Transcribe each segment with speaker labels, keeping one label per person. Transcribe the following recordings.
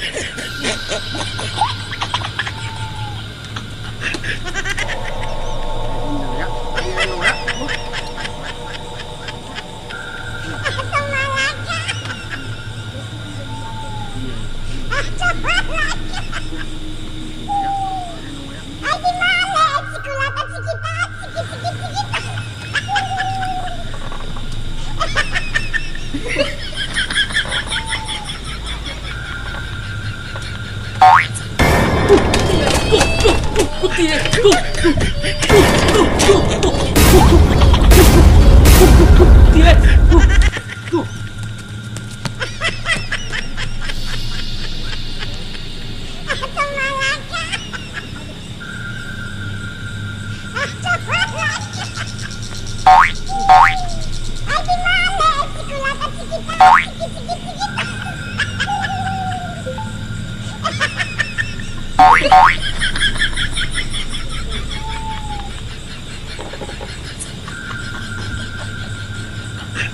Speaker 1: Ha ha ha! Yes!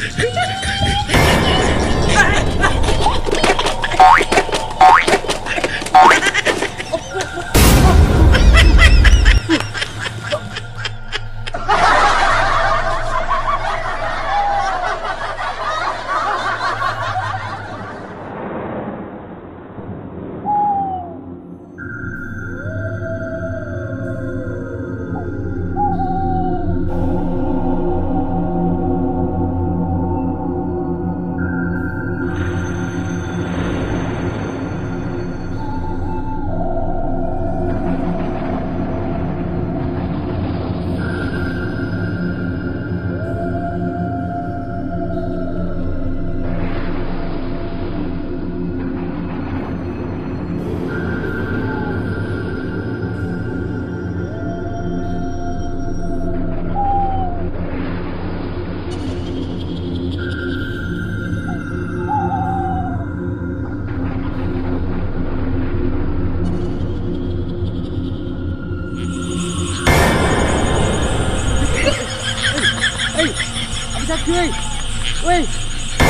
Speaker 1: Come on. Ui! Ui! Sim!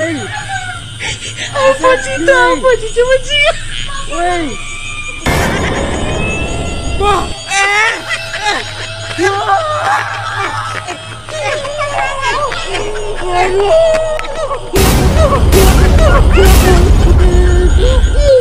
Speaker 1: Ei! Ai, pode dar, pode, pode. Ui Oh, my God.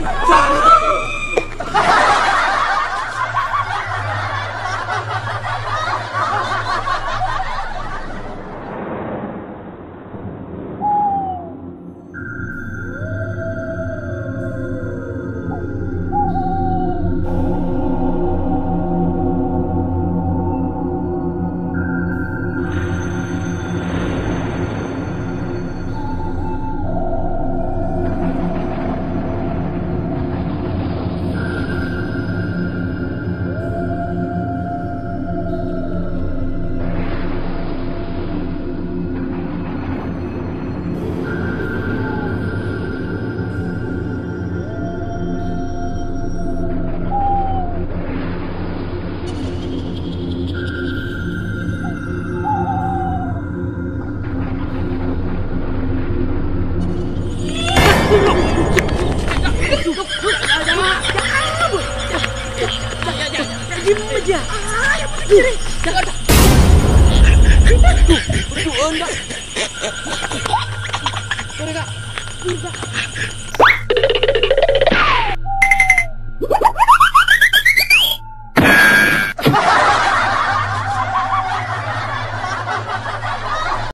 Speaker 1: Stop! Tuh, tuh, enggak. Kau enggak?